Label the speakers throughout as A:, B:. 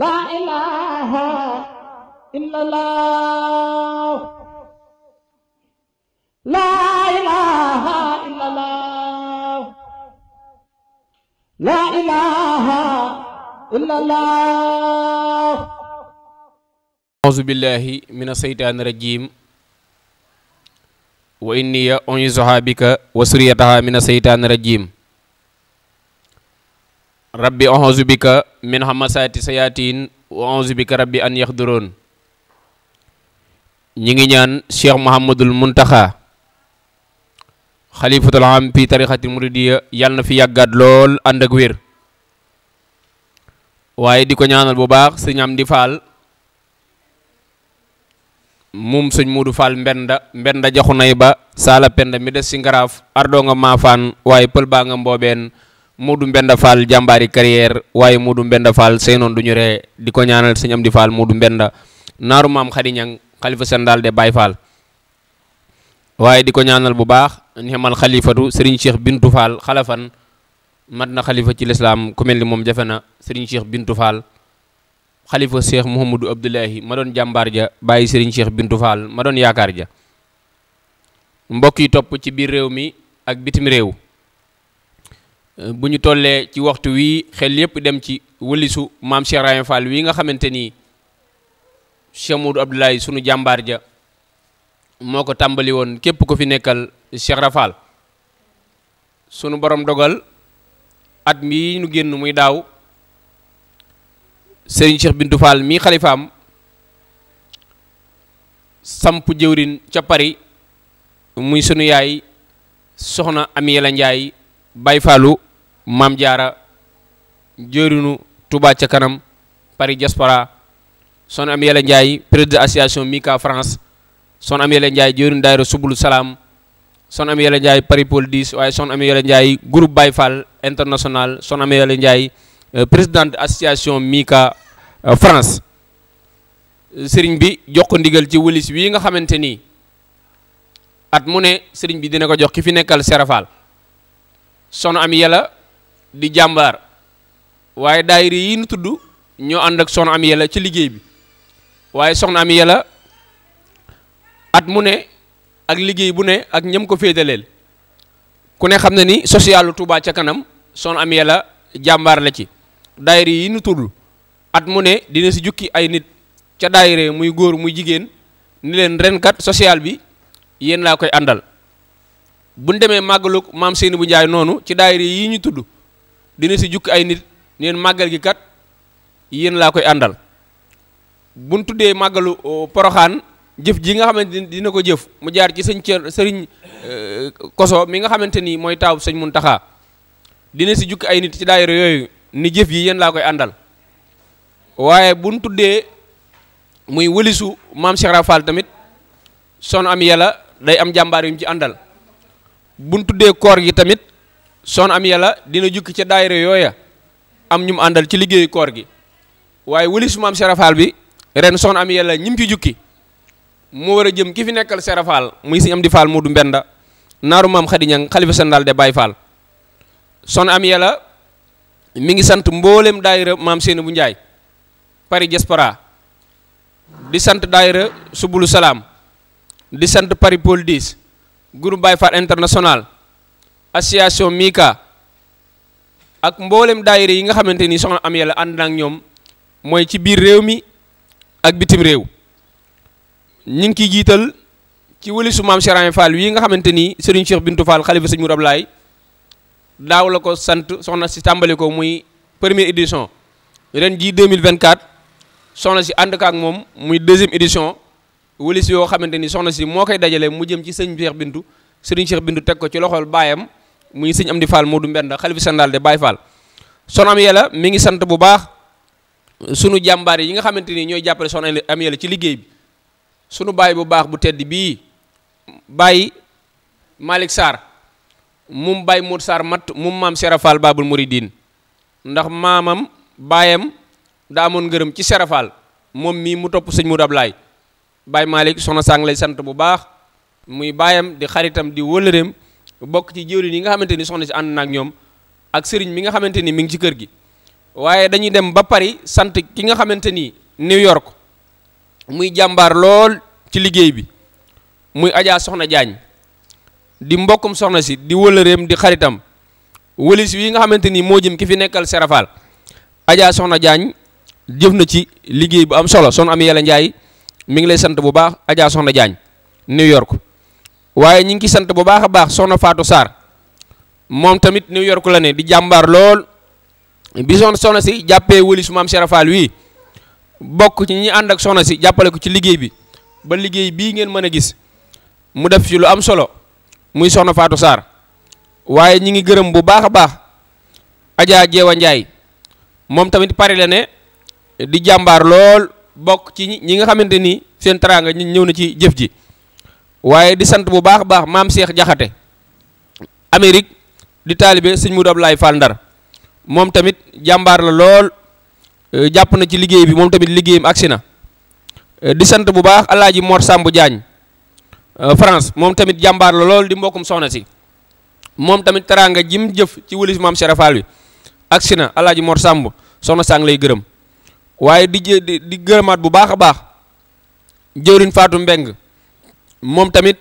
A: la ilaha illallah la ilaha illallah la ilaha illallah
B: auzu billahi mina seytaani rajim wa inni ya unisuha bika wa suriyataha mina seytaani rajim rabbi auzu bika min hamasaati sayaatiin wa auzu bika rabbi an yaxduroon ñi ngi ñaan cheikh mouhamadul muntaxa xalifatul am fi tarixatil muridiya na fi yàggaat lool ànd ak wér waaye di ko ñaanal bu baax sëñ am di faal mum sëñ muudu faal mbenda mbenda jaxu nay ba saala penda mi des si ngaraaf ardoo nga maafaan waaye pël baa nga mboobeen Modou Mbenda Fall jàmbaari carrière waaye Modou Mbenda Fall sey noon du ñu ree di ko ñaanal sëñ Amdi Fall Modou Mbenda naaru maam Khady Niang xalifa général de Baye Fall waaye di ko ñaanal bu baax nemal xalifatu Serigne Cheikh Bintou Fall xalafan mat na xalifa ci lislaam ku mel ni moom jafe na Serigne Cheikh Bintou Fall xalifa Cheikh Mouhamadou Abdoulahi ma doon jàmbaar ja bàyyi Serigne Cheikh Bintou Fall ma doon yaakaar ja mbokk yi topp ci biir réew mi ak bitim réew Euh, bu ñu tollee ci waxtu wii xel yépp dem ci wëlisu maam Cheikh Rahim Fall wii nga xamante ni Cheikh Modou Abdoulaye sunu jàmbaar ja moo ko tàmbali woon képp ko fi nekkal Cheikh Rafal sunu boroom dogal at mii nu génn muy daaw sëriñ Cheikh Bintou Fall mii xalifaam samp jëwrin ca Paris muy sunu yaay soxna Amy Yalla Ndiaye Baye maam jaara jëriñu Touba ca kanam Paris diaspora son am yàlla Ndiaye président association Mika France son am yàlla Ndiaye jëriñu daayira subulu salaam son am yàlla Ndiaye Paris Pôle 10 waaye son am yàlla Ndiaye groupe Baye Fall international son am yàlla Ndiaye euh, président association Mika euh, France sëriñ bi jox ko ndigal ci wëlis wii nga xamante ni at mu ne sëriñ bi dina ko jox ki fi nekkal serafal son am yàlla. di jàmbaar waaye daayira yi nu tudd ñoo ànd ak soxna am yàlla ci liggéey bi waaye soxna am yàlla at mu ne ak liggéey bu ne ak ñëm ko féetaleel ku ne xam ne ni socialu Touba ca kanam soxna am yàlla jàmbaar la ci daayira yi nu tudd at mu ne dina si jukki ay nit ca daayira muy góor muy jigéen ni leen renkat social bi yéen laa koy àndal buñ demee màggalu maam seeni bu njaay noonu ci daayira yi ñu tudd dina si jukki ay nit neen màggal gi kat yéen laa koy àndal bu ñu tuddee màggalu poroxaan jëf ji nga xamante ni dina ko jëf mu jaar ci sëñ Thierno sëriñ e, koso mi nga xamante ni mooy taawu sëñ mun Muntaxa dina si jukki ay nit ci daayira yooyu ni jëf yi yéen laa koy àndal waaye bu ñu tuddee muy wëlisu maam Cheikh Rafal tamit son am yàlla day am jàmbaar yu ci àndal bu ñu tuddee koor gi tamit. son am yàlla dina jukki ca daayira yooya am ñu mu àndal ci liggéeyu koor gi waaye wëlis maam serafaal bi ren son am yàlla ñim ci jukki moo war a jëm ki fi nekkal serafaal muy si am di faal mu du mbenda naaru maam xadiñang xalifa sandal de baay faal son am yàlla mi ngi sant mboolem daayira maam seeni bu njaay Paris diaspora di sant daayira subulu salaam di sant Paris Paul 10 groupe Baye Fall international association Mika ak mboolem daayira yi nga xamante ni soxna am yàlla ànd naag ñoom mooy ci biir réew mi ak bitim réew ñu ngi kiy jiital ci wëli su maam Serigne Fall yi nga xamante ni Serigne Cheikh Bintou Fall xalifa sëñ Mourou laay daaw la ko sant soxna si tàmbali ko muy première édition ren jii mille vingt 2024 soxna si ànd ak moom muy deuxième édition wëli yoo xamante ni soxna si moo koy dajale mu jëm ci sëñ Cheikh Bintou Serigne seex Bintou teg ko ci loxol baayam muy sëñ Amdi Fall Modou Mbenda xalifa général de Baye Fall soxna Amy Yalla mi ngi sant bu baax sunu jàmbaar yi nga xamante ni ñooy jàppale soxna am Yalla ci liggéey bi sunu baay bu baax bu tedd bii Baye Malick Sarr mum Baye Modou Sarr mat mum maam Sera Fall Babul Mouridine ndax maamam baayam daa amoon ngërëm ci Sera Fall moom mii mu topp sëñ Modou Ablaye Baye Malick soxna sang lay sant bu baax muy baayam di xaritam di wëlëreem bokk ci jëwriñ yi nga xamante ni soxna si ànd na ak ñoom ak sëriñ mi nga xamante ni mi ngi ci kër gi waaye dañuy dem ba pari sant ki nga xamante ni New York muy jàmbaar lool ci liggéey bi muy Adja Soxna Jaañ di mbokkum soxna si di wëlëreem di xaritam wëlis wi nga xamante ni moo jëm ki fi nekkal serafal ajaa Soxna Jaañ jëf na ci liggéey bu am solo son am yàlla njaay mi ngi lay sant bu baax Adja Soxna Jaañ New York waaye ñu ngi sant bu baax a baax soxna Fatou saar moom tamit New York la ne di jàmbaar lool bi soxna soxna si jàppee wëlis maam Cheikh Fall wii bokk ci ñi ànd ak soxna si jàppale ko ci liggéey ba liggéey bii ngeen mën a gis mu def ci lu am solo muy soxna Fatou Sarr waaye ñi ngi gërëm bu baax a baax Adja Jeewa Njaay moom tamit pare la di jàmbaar lool bokk ci ñi nga xamante ni seen teraanga ñi ñëw na ci jëf ji waaye di sant bu baax baax maam Cheikh Jaxate Amérique di taalibe sëñ Moudou laay Fall Ndar moom tamit jàmbaar la lool euh, jàpp na ci liggéey bi moom tamit liggéeyam agsi na euh, di sant bu baax alaaji Mor Samb Diagne euh, France moom tamit jàmbaar la lool di mbokkum soxna si moom tamit teraanga jim jëf ci wëlis maam Cheikh Fall wi agsi na alaaji Mor Samb soxna sang lay gërëm waaye di di gërëmaat bu baax a baax jëwriñ faatu Mbeng moom tamit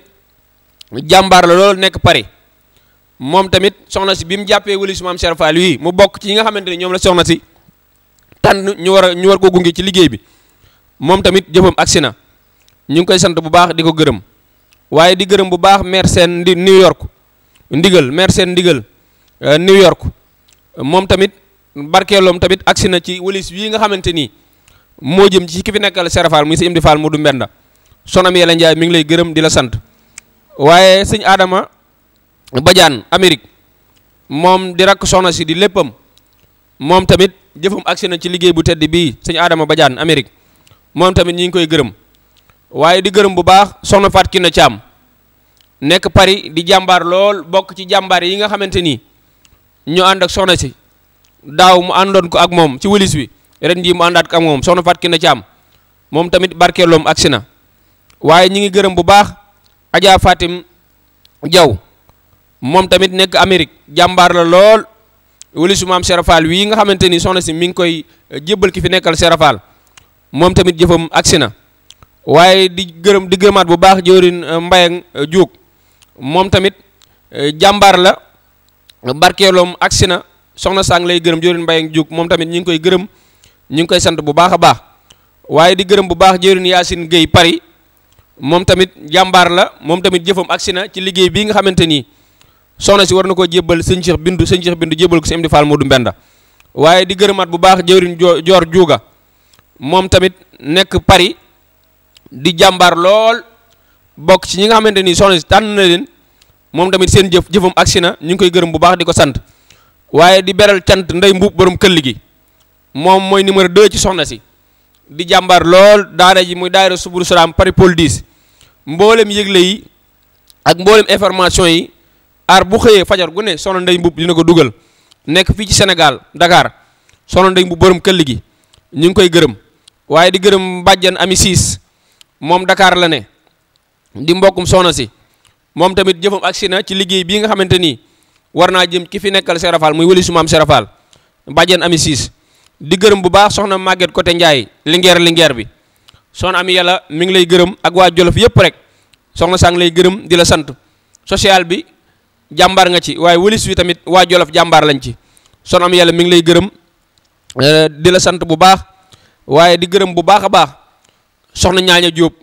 B: jàmbaar la loolu nekk Paris moom tamit soxna si bi mu jàppee wëli su maam Cheikh Fall mu bokk ci ñi nga xamante ne ñoom la soxna si tànn ñu war a ñu war ko gunge ci liggéey bi moom tamit jëfam agsi na ñu ngi koy sant bu baax di ko gërëm waaye di gërëm bu baax maire seen di New York ndigal maire seen ndigal euh, New York moom tamit barkeeloom tamit agsi na ci wëlis wii nga xamante nii moo jëm ci ki fi nekkal Cheikh Fall muy si Imdi Fall mu du Mbenda sonam yàlla njaay mi ngi lay gërëm di la sant waaye sëñ Adama Badiane Amérique moom di rakk sonasi di léppam moom tamit jëfam agsi na ci liggéey bu tedd bii sëñ Adama Badiane Amérique moom tamit ñi ngi koy gërëm waaye di gërëm bu baax soxna Fatou Kiné Thiam nekk pari di jàmbaar lool bokk ci jàmbaar yi nga xamante ni ñu ànd ak soxna si daaw mu àndoon ko ak moom ci wëlis wi ren jii mu àndaat ko moom soxna Fatou na Thiam moom tamit barkeeloom agsi na waaye ñi ngi gërëm bu baax Adja Fatim Diaw moom tamit nekk Amérique jàmbaar la lool wali su maam Serafal wii nga xamante ni soxna si mi ngi koy eh, jébbal ki fi nekkal Serafal moom tamit jëfam agsi na waaye di gërëm di gërëmaat bu baax jëwrin eh, Mbayang Juug moom tamit eh, jàmbaar la barkeeloom agsi na soxna sang lay gërëm jëwrin Mbayang jóg moom tamit ñu ngi koy gërëm ñu ngi koy sant bu baax a baax waaye di gërëm bu baax jëwrin Yaasin Guèye Paris moom tamit jàmbaar la moom tamit jëfam agsi na ci liggéey bii nga xamante ni soxna si war na koo jébbal sëñ Bindu sëñ Bindu jébbal ko si Amdi Fall Modou Mbenda waaye di gërëmaat bu baax jëwriñ joor juuga moom tamit nekk Paris di jàmbaar lool bokk ci ñi nga xamante ni soxna si tànn na leen moom tamit seen jëf jëfam agsi na ñu ngi koy gërëm bu baax di ko sant waaye di beral cant ndey mbuub borom këll gi moom mooy numéro 2 ci soxna si di jàmbaar lool daara ji muy daayira subur salaam Paris Pôle 10 mboolem yëgle yi ak mboolem information yi aar bu xëyee fajar gu ne soxna Ndeye Mboup dina ko dugal nekk fii ci senegal Dakar soxna Ndeye Mboup borom këll gi ñu ngi koy gërëm waaye di gërëm bàjjan ami siis moom Dakar la ne di mbokkum soxna si moom tamit jëfam agsi na ci liggéey bii nga xamante ni war naa jëm ki fi nekkal Serafal muy wëli su maam Serafal bàjjan ami siis di gërëm bu baax soxna Maguette côté Ndiaye lingeer lingeer bi soxna am Yàlla mi ngi lay gërëm ak waa Jolof yëpp rek soxna saa lay gërëm di la sant social bi jàmbaar nga ci waaye wëlis wi tamit waa Jolof jàmbaar lañ ci soxna Ami Yàlla mi ngi lay gërëm eh, di sant bu baax waaye di gërëm bu baax a baax soxna ñaaña Jóob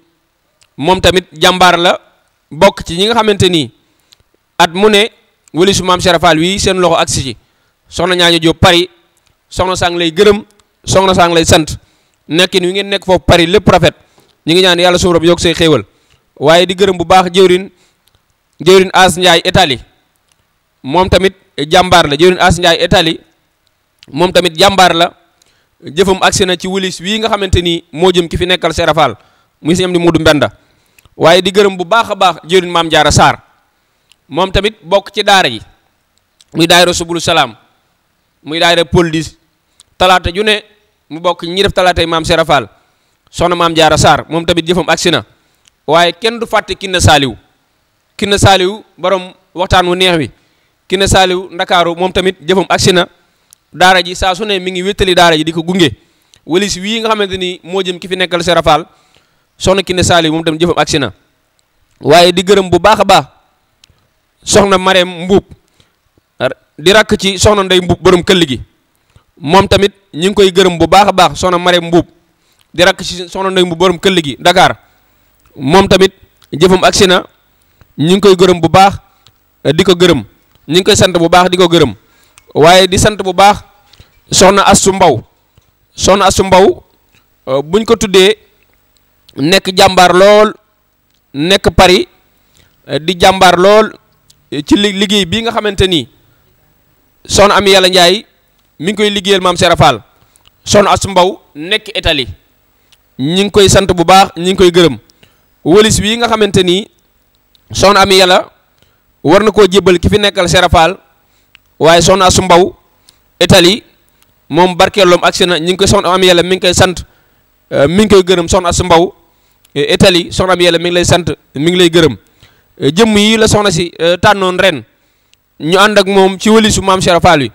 B: moom tamit jàmbaar la bokk ci ñi nga xamante nii at mu ne wëlisu maam Serafal wii seen loxo ak si ci soxna ñaaña Jóob Paris soxna saa lay gërëm soxna saa lay sant nekkin wi ngeen nekk foofu Paris lépp rafet ñu ngi ñaan yàlla suñu borom yokk say xéewal waaye di gërëm bu baax jëwrin jëwrin As Ndiaye Italie moom tamit jàmbaar la jëwrin As Ndiaye Italie moom tamit jàmbaar la jëfam agsi na ci wulis wii nga xamante ni moo jëm ki fi nekkal serafal muy sëñ am di Mudu Mbenda waaye di gërëm bu baax a baax jëwrin Maam Jaara saar moom tamit bokk ci daara yi muy daayira subulu salaam muy daayira poldis talaata ju ne mu bokk ñi def talaatay maam Sera Fall soxna maam Jaara saar moom tamit jëfam agsi na waaye kenn du fàtte Kiné saaliw Kiné Saliou borom waxtaan wu neex wi Kiné Saliou ndakaaru moom tamit jëfam agsi na daara ji saa su ne mi ngi wettali daara ji di ko gunge walis wii nga xamante ni moo jëm ki fi nekkal Sera Fall soxna Kiné Saliou moom tamit jëfam agsi na waaye di gërëm bu baax a baax soxna Marème Mbuub di rakk ci soxna Ndey Mbuub borom këll gi moom tamit ñi ngi koy gërëm bu baax a baax soxna Mare Mbuub di rakk ci soxna Ndey Mbuub borom këll gi dakaar moom tamit jëfam agsi na ñi ngi koy gërëm bu baax eh, di ko gërëm ñi ngi koy sant bu baax di ko gërëm waaye di sant bu baax soxna Astu Mbaw soxna Astu Mbaw eh, buñ ko tuddee nekk jàmbaar lool nekk pari eh, di jàmbaar lool ci liggéey bi nga xamante ni soxna am Yàlla Njaay mi ngi koy liggéeyal maam Serap Fall son as mbaw nekk Italie ñi ngi koy sant bu baax ñi ngi koy gërëm wëlis bii nga xamante ni son am yàlla war na koo jébbal ki fi nekkal Serap Fall waaye son as mbaw Italie moom barkeeloom agsi na ñi ngi koy son am yàlla mi ngi koy sant euh, mi ngi koy gërëm son as mbaw euh, Italie soxna am yàlla mi ngi lay sant mi ngi lay gërëm euh, jëmm yi la soxna si tànnoon ren ñu ànd ak moom ci wëlisu maam Serap wi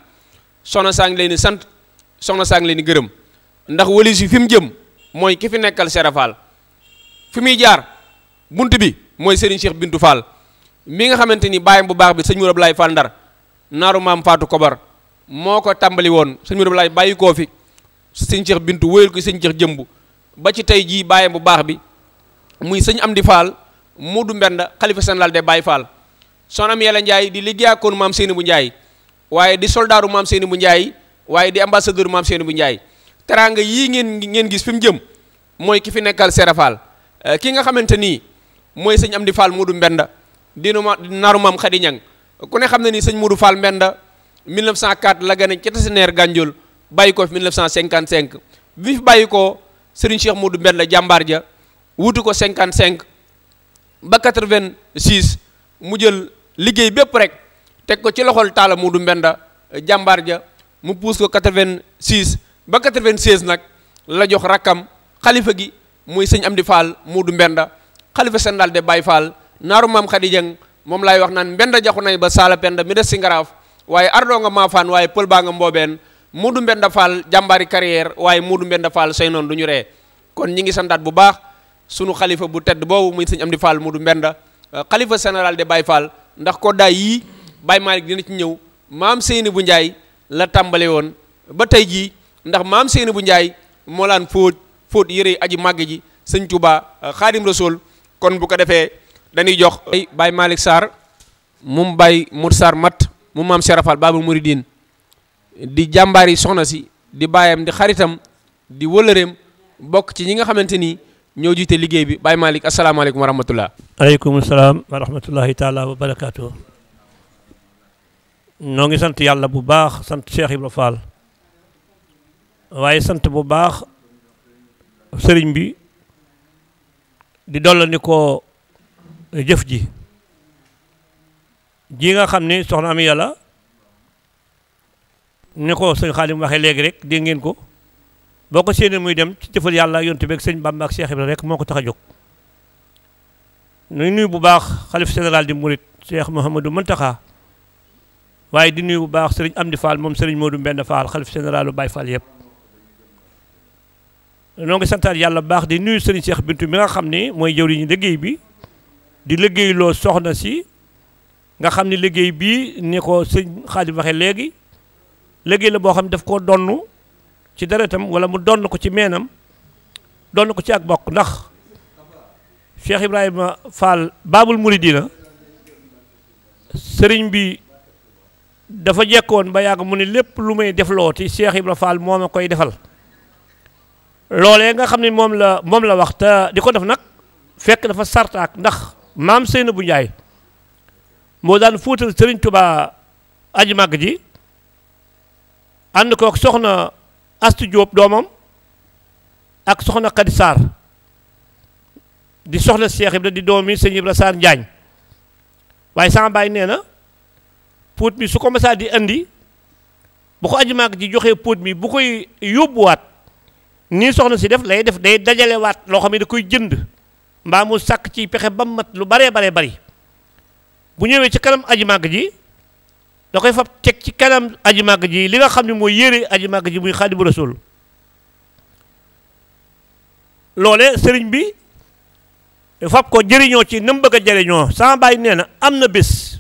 B: soxna saa ngi leen sant soxna saa ngi leen di gërëm ndax walis yi fi mu jëm mooy ki fi nekkal Serap Fall fi muy jaar bunt bi mooy Serigne Cheikh Bintou Fall mi nga xamante ni bàyyam bu baax bi sëñ Mourou Ablaye Fall Ndar naaru maam Fatou Kobar moo ko tàmbali woon sëñ Mourou bàyyi koo fi sëñ Cheikh Bintou ko sëñ Cheikh ba ci tey jii bàyyam bu baax bi muy sëñ Amdi Fall Moodu Mbenda xalifa général des Baye Fall soxna am Yàlla Ndiaye di liggéeyaakoon maam Seynabou Ndiaye. waaye di soldaaru maam seeni bu njaay waaye di ambassadeur maam seeni bu njaay teraanga yii ngeen ngeen gis fi mu jëm mooy ki fi nekkal serafal eh, ki nga xamante nii mooy sëñ Amdi Fall Moodu Mbenda dinu ma naaru maam Xadi ñan ku ne xam ne nii sëñ Moodu Fall Mbenda 1904 la gane ca Tassinère Gandiol bàyyi ko fi 1955 bi fi bàyyi ko sëriñ Cheikh Moodu Mbenda jàmbaar ja wutu ko 55 ba 86 mu jël liggéey bépp rek teg ko ci loxol taala mu du mbenda eh, jàmbaar ja mu puus ko 86 ba 96 nag la jox rakkam xalifa gi muy sëñ am Fall mu du mbenda xalifa sendal de naaru maam Khady Dieng moom laay wax naan mbenda jaxu nay ba saala penda mi des si ngaraaf waaye ardoo nga maafaan waaye pël baa nga mboobeen mu du mbenda Fall jàmbaari carrière waaye mu du mbenda Fall say du ñu ree kon ñi ngi santaat bu baax sunu xalifa bu tedd boobu muy sëñ Amdi Fall mu du mbenda eh, xalifa de Baye Fall ndax koddaay yii Baye Malick dina ci ñëw maam Seyni bu Njaay la tàmbale woon ba tey jii ndax maam Seyni bu Njaay molaan laan fóot fóot yëre aji màgg ji sëñ Touba euh, Xaadim Rasool kon bu ko defee dañuy jox Baye Malick Sarr mum Baye Mour saar Matt mu maam Serafal Babul Mouridine di jàmbaar yi soxna si di baayam di xaritam di wëlëreem bokk ci ñi nga xamante ni ñoo jiite liggéey bi Baye Malick asalaamaaleykum wa rahmatullah
C: aleykum salaam wa rahmatullahi taala wa barakaatu noo ngi sant yàlla bu baax sant Cheikh Ibra Fall waaye sant bu baax sëriñ bi di dolla ni ko jëf ji ji nga xam ni soxna Amy Yàlla ni ko sëñ Xaalim waxee léegi rek dégg ngeen ko boo ko séenee muy dem ci jëfal yàlla yontu beeg sëñ Bamba ak Cheikh rek moo ko tax a jóg nuy bu baax xalif général di murit Cheikh mën Mountakha waaye di nuyu bu baax sëriñ am di Fall moom sëriñ Modou Mbend Fall xalif généralu Baye Fall yëpp noo ngi santaat yàlla bu baax di nuyu sëriñ seex Bintu mi nga xam ne mooy jëwriñu liggéey bi di liggéeyloo soxna si nga xam ne liggéey bi ni ko sëñ Xaadim waxee léegi liggéey la boo xam ne daf koo donn ci deretam wala mu donn ko ci meenam donn ko ci ak bokk ndax Cheikh Ibrahima Fall Baabul Muridina sëriñ bi dafa jekkoon ba yàgg mu ne lépp lu may deflooti Cheikh Ibra Fall moo ma koy defal loole nga xam ne moom la moom la wax te di ko def nag fekk dafa sartaak ndax maam bu Ndiaye moo daan fóotal Serigne Touba aji màgg ji ànd kook soxna Astu Diop doomam ak soxna Khady Sarr di soxna Cheikh Ibra di doomi Sëñ Ibra Sarr Njaañ waaye sama baay nee na póot mi su ko masaa di indi bu ko aji màgg ji joxee póot mi bu koy yóbbuwaat nii soxna si def lay def day dajalewaat loo xam ne da koy jënd mbaa mu sàkk ci pexe ba mat lu baree baree bari bu ñëwee ci kanam aji màgg ji da koy fab teg ci kanam aji màgg ji li nga xam ne mooy yére aji màgg ji muy xaadimu rasul loole sëriñ bi fab ko jëriñoo ci nam bëgg a jëriñoo sama bàyyi nee na am na bés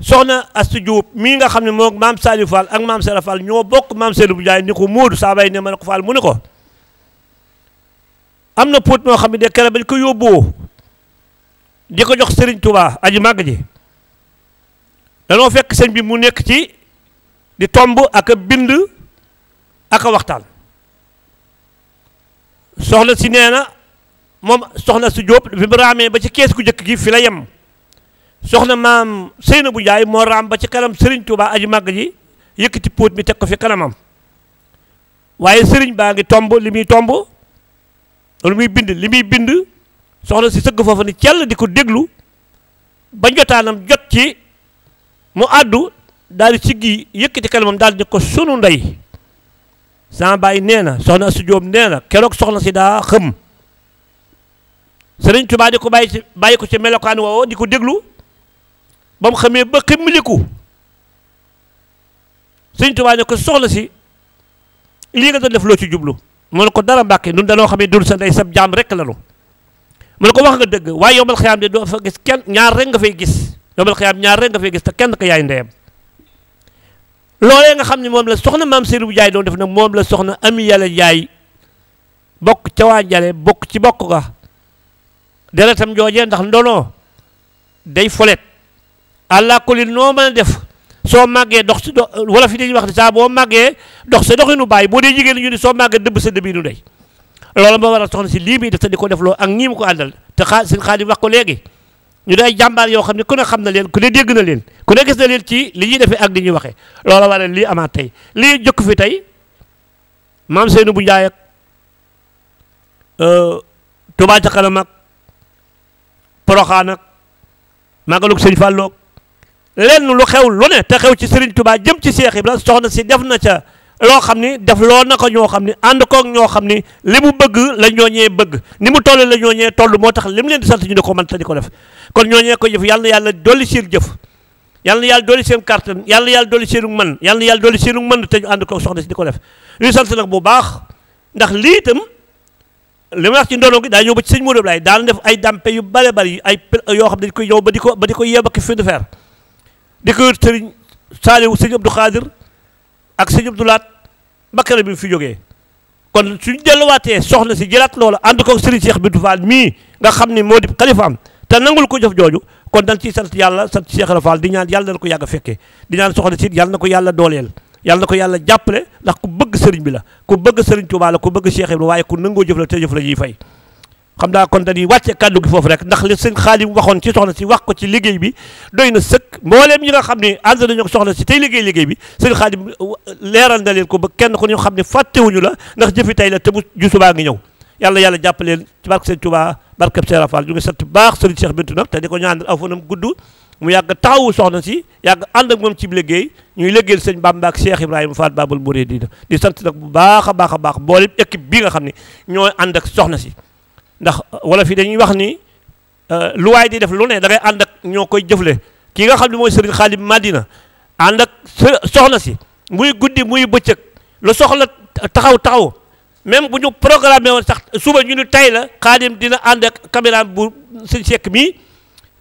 C: soxna Astou Diop mii nga xam ne moom maam Saliou Fall ak maam Sera Fall ñoo bokk maam Seydou bu Jaay ni ko Móodu saabay ne ma ne ko Fall mu ne ko am na póot moo xam ne de kere bañ ko yóbboo di ko jox Serigne Touba aji màgg ji danoo fekk sëñ bi mu nekk ci di tomb ak bind ak a soxna si nee na moom soxna Astou Diop fi mu raamee ba ci kees ku njëkk gi fi la yem soxna maam Seynabu Njaay moo raam ba ci kanam Serigne Touba aji màgg ji yëkkati póot mi teg ko fi kanamam waaye Serigne baa ngi tomb li muy tomb lu muy bind li muy bind soxna si sëgg foofu ni cell di ko déglu ba jotaanam jot ci mu àddu daal di siggi yëkkati kanamam daal di ko sunu ndey sama baay nee na soxna si Jóob nee na keroog soxna si daa xëm Serigne Touba di ko bàyyi bàyyi ko ci melokaan woowo di ko déglu ba mu xamee ba ximmiliku sëñ Tuubaa ne ko soxla si lii nga doon def loo ci jublu mu ne ko dara mbàkke nun danoo xam ne dul sa ndey sab jaam rek la nu mu ko wax nga dëgg waaye yombal xiyaam de doo fa gis kenn ñaar rek nga fay gis yombal xiyaam ñaar rek nga fay gis te kenn ko yaay ndeyam loolee nga xam ni moom la soxna maam Seydou Jaay doon def nag moom la soxna Ami Yàlla Jaay bokk ca waa Njale bokk ci bokk ga deretam joojee ndax ndono day folet allah kulli noo mën a def soo màggee dox si do wala wax ne saa boo màggee dox sa doxinu bàyyi boo dee jigéen ñu ne soo màggee dëbb sa dëbbi nu dey loolu moo waral soxna si lii muy def te di ko def loo ak ñii mu ko àndal te xaa seen xaalis wax ko léegi ñu day jàmbaar yoo xam ne ku ne xam na leen ku ne dégg na leen ku ne gis na leen ci li ñuy defe ak li ñuy waxee loola waral lii amaat tey lii jëkk fi tey maam Seynou bu Njaay ak euh, Touba ca kanam ak Poroxaan ak Magalug Sëñ lenn lu xew lu ne te xew ci Serigne tubaa jëm ci Cheikh Ibra soxna si def na ca loo xam ni def loo na ko ñoo xam ni ànd koog ñoo xam ni li mu bëgg la ñooñee bëgg ni mu toll la ñooñee toll moo tax li mu leen sant ñu ne ko man te di ko def ko jëf yàlla na yàlla yàlla na yàlla dolli seen kàttan yàlla na yàlla dolli seenu mën yàlla yàlla dolli seenu mën te ñu ànd koog soxna si di ko def ñu sant nag bu baax ndax lii itam li ma wax ci ndono gi daa ñëw ba ci sëñ Modou Ablaye daan def ay dampe bare bari ay yoo xam ne dañ koy ba di ko ba di ko yebaki fi du fer di ko yót sëriñ Saaliwu sëñ Abdou Khadir ak sëñ Abdou Laat bakkara bi mu fi jógee kon suñ delluwaatee soxna si jëlaat loola ànd ko sëriñ Cheikh Bintou Fall mii nga xam ni moo di xalifaam te nangul ko jëf jooju kon dañ ciy sant yàlla sant Cheikh Rafal di ñaan yàlla na ko yàgg a fekkee di ñaan soxna si yàlla na ko yàlla dooleel yàlla na ko yàlla jàppale ndax ku bëgg sëriñ bi la ku bëgg sëriñ Tuubaa la ku bëgg Cheikh Ibrahima waaye ku nangoo jëf la te jëf la ñuy fay xam naa kon dañuy wàcce kàddu gi foofu rek ndax li sëñ Xaadim waxoon ci soxna si wax ko ci liggéey bi doy na sëkk nga xam ne ànd nañu soxna si tey liggéey liggéey bi sëñ Xaadim euh, leeral na leen ko ba kenn ku ñu xam ne fàttewuñu la ndax jëfi tey la te bu ju subaa ngi ñëw yàlla yàlla jàppaleen ci barke sëñ Tuubaa barkeb Seera Faal ñu ngi sant baax sëriñ seex Bintu nag te di ko ñaanal aw fanam gudd mu yàgg taxawu soxna si yàgg ànd ak moom ci liggéey ñuy liggéeyal sëñ Bamba ak Cheikh Ibrahima Fall Babul Mouridina di sant nag bu baax a baax a baax mboolem équipe bi nga xam ne ñooy ànd ak soxna si ndax wala fi dañuy wax ni euh, lu waay di def lu ne da ngay ñoo koy jëfle kii nga xam ne mooy sëriñ Xaalib Madina ànd ak soxna si muy guddi muy bëccëg lu soxla taxaw taxaw même bu ñu programmé woon sax suba ñu ni tey la Xaadim dina ànd ak caméra bu sëñ Seck mii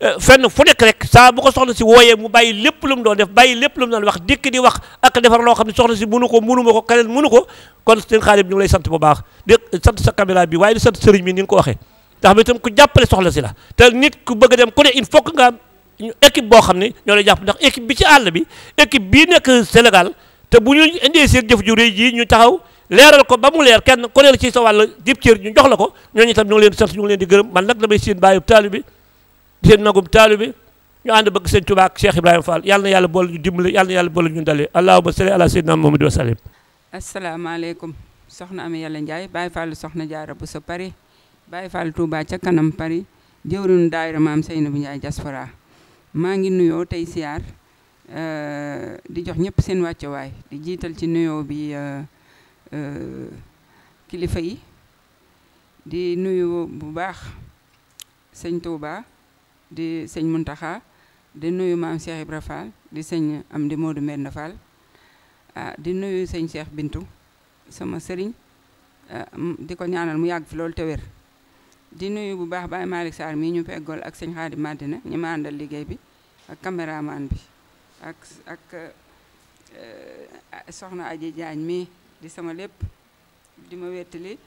C: euh, fenn fu nekk rek saa bu ko soxna si wooyee mu bàyyi lépp lu mu doon def bàyyi lépp lu mu doon wax dikk di wax ak defar loo xam ne soxna si munu ko munu ma ko keneen munu ko kon seen Xaadim ñu sant bu baax sant sa caméra bi waaye di sant sëriñ bi ni nga ko waxee te xam ne itam ku jàppale soxla si la te nit ku bëgg a dem ku ne il faut nga am boo xam ne ñoo lay jàpp ndax équipe bi ci àll bi équipe bii nekk Sénégal te bu ñu indee seen jëf ju rëy ji ñu taxaw leeral ko ba mu leer kenn ku ne la ci sa wàll dib cër ñu jox la ko ñooñu itam ñu ngi leen di sant ñu leen di gërëm man nag damay seen bàyyub taalu bi di seen magub taalu bi ñu ànd bëgg sëñ Tuubaa ak Cheikh Ibrahima Fall yàlla na yàlla boole ñu dimbali yàlla na yàlla boole ñu dalee allahumma salli ala sayyidina Muhammad
D: soxna am Yàlla Ndiaye Baye Fall soxna Jaara bu sa Paris Baye Fall Touba ca kanam Paris jëwriñu daayira maam Seynabou Ndiaye diaspora maa ngi nuyoo tey siyaar euh, di jox ñëpp seen wàccuwaay di jiital ci nuyoo bi euh, euh, kilifa yi di nuyu bu baax sëñ Touba di sëñ Muntaxa di nuyu maam Cheikh Ibra di sëñ Amdi Modou Mbène Fall ah di nuyu sëñ Cheikh Bintu sama sëriñ eh, di ko ñaanal mu yàgg fi loolu te wér di nuyu bu baax Baye Malick Sarr mii ñu peggool ak sëñ xaadi Madina ñi ma àndal liggéey bi ak caméraman bi ak eh, soxna Aji Jaañ mii di sama lépp di ma wettali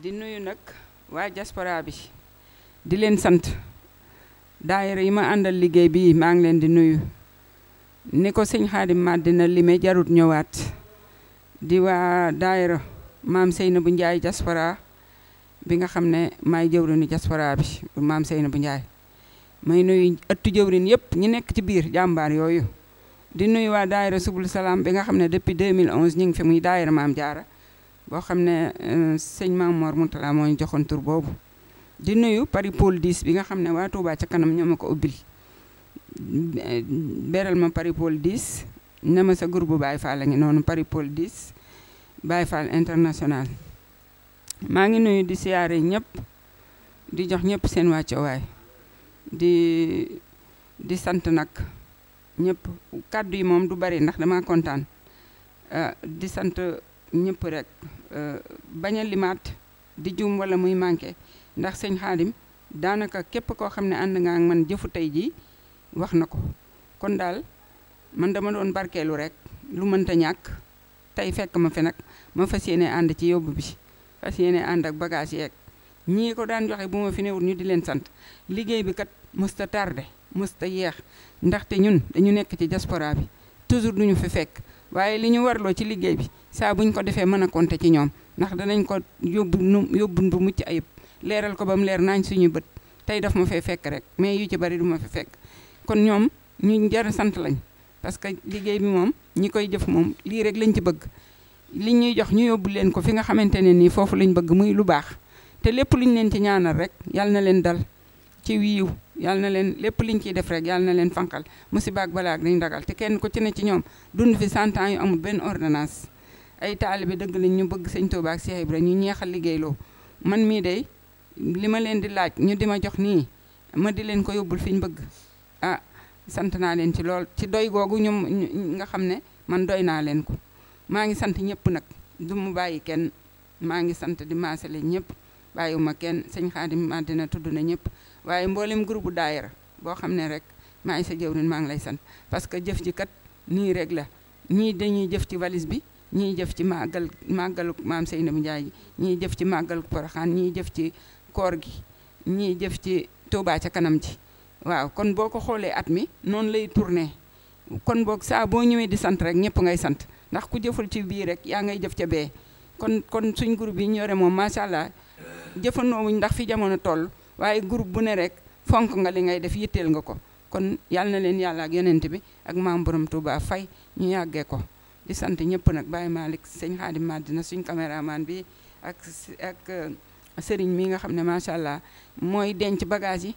D: di nuyu nag waa diaspora bi di leen sant daayira yi ma àndal liggéey bi maa ngi leen di nuyu ni ko sëñ Xaadim Madina lime jarut ñëwaat di waa daayira maam bu njaay diaspora bi nga xam ne maay jëwrinu diaspora bi maam Seynabou Ndiaye may nuyu ëttu jëwrin yëpp ñu nekk ci biir jàmbaar yooyu di nuyu waa daayira subul salaam bi nga xam ne depuis 2011 ñu ngi fi muy daayira maam jaara boo xam ne euh, sëñ maam Mor Moutala moo ñu boobu di nuyu Paris Pôle 10 bi nga xam ne waa Touba ca kanam ñoo ma ko ubbil beral ma Paris Pôle 10 ne ma sa groupe Baye Fall la ngi noonu Paris Paul 10 Baye Fall international maa ngi nuyu di siyaare ñëpp di jox ñëpp seen wàccowaay di di sant nag ñëpp kàddu yi moom du bari ndax dama kontaan euh, di sant ñëpp rek euh, bañ a limaat di juum wala muy manqué ndax sëñ Xaadim daanaka képp koo xam ne ànd nga man jëfu tey ji wax na ko kon daal man dama doon barkeelu rek lu mënta ñàkk tey fekk ma fi nag ma fas yéene ànd ci yóbbu bi fas yéene ànd ak bagage yeeg ñii ko daan joxe bu ma fi newul ñu di leen sant liggéey bi kat mësta tardé mësta yeex ndaxte ñun dañu nekk ci diaspora bi toujours duñu fi fekk waaye li ñu warloo ci liggéey bi saa buñ ko defee mën a ci ñoom ndax danañ ko yóbbu nu yóbbu mucc ayib leeral ko ba mu leer naañ suñu bët tey daf ma fee fekk rek mais yu ci bari du ma fi fekk kon ñoom ñu jar sant lañ parce que liggéey bi moom ñi koy jëf moom lii rek lañ ci bëgg li ñuy jox ñu yóbbu leen ko fi nga xamante ne nii foofu lañu bëgg muy lu baax te lépp lu luñ leen ci ñaanal rek yal na leen dal ci wiiw yal na leen lépp liñ ciy def rek yal na leen fanqal musiba ak balaa dañ ragal te kenn ko ci ne ci ñoom dund fi cent yu amul benn ordonnance ay taalibe dëgg lañ ñu bëgg sëñ Touba ak Cheikh Ibra ñu ñeexal liggéey loo man mii de li ma leen di laaj ñu di ma jox nii ma di leen ko yóbbul fi bëgg ah, sant naa leen ci lool ci doy googu ñoom nga xam ne man doy naa leen ko maa ngi sant ñëpp nag du mu bàyyi kenn maa ngi sant di maasale ñëpp bàyyiwuma kenn sëñ Xaadim Madina tudd na ñëpp waaye mboolem groupe daayira boo xam ne rek maa ngi sa jëwriñ maa ngi lay sant parce que jëf ji kat nii rek la ñii dañuy jëf ci valise bi ñii jëf ci màggal màggalu maam Seynabou Ndiaye ji ñii jëf ci màggalu Poroxaan ñii jëf ci koor gi ñii jëf ci Touba ca kanam ji waaw kon boo ko xoolee at mi noonu lay tourné kon boog saa boo ñëwee di sant rek ñëpp ngay sant ndax ku jëful ci bii rek yaa ngay jëf ca bee kon kon suñ groupe yi ñu yore moom macha allah jëfandoowuñ ndax fi jamono toll waaye groupe bu ne rek fonk nga li ngay def yitteel nga ko kon yal na leen yàlla ak yonent bi ak maam borom Touba fay ñu yàggee ko di sant ñëpp nag Baye Malick sëñ Xaadim Madina suñ caméraman bi ak ak euh, sëriñ nga xam ne macha allah mooy denc bagage yi.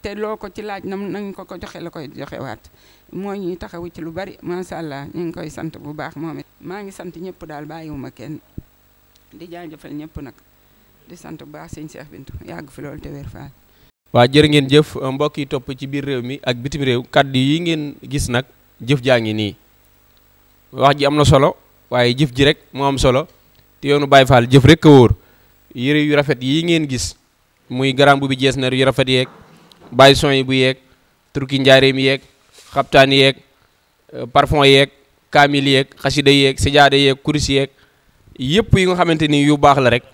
D: te loo ko ci laaj nam nañ ko ko joxe la koy joxe waat moo ñu taxawu ci lu bari macha allah ñu ngi koy sant bu baax moom maa ngi sant ñëpp daal bàyyiwuma kenn di jaajëfal ñëpp nag di sant bu baax sëñ Cheikh Bintou yàgg fi loolu te wér faal.
B: waa jër ngeen jëf mbokk yi topp ci biir réew mi ak bitim réew kàdd yi ngeen gis nag jëf jaa ngi nii wax ji am na solo waaye jëf ji rek moo am solo te yoonu Baye Fall jëf rek a wóor yére yu rafet yi ngeen gis muy garambu bi jees na yu rafet yeeg. bàyyi son yi bu yeeg turki njaareem yeeg xabtaan yeeg euh, parfon yeeg kaamil yeeg xasida yeeg sijaada yeeg kurus yeeg yëpp yi nga xamante ni yu baax la rek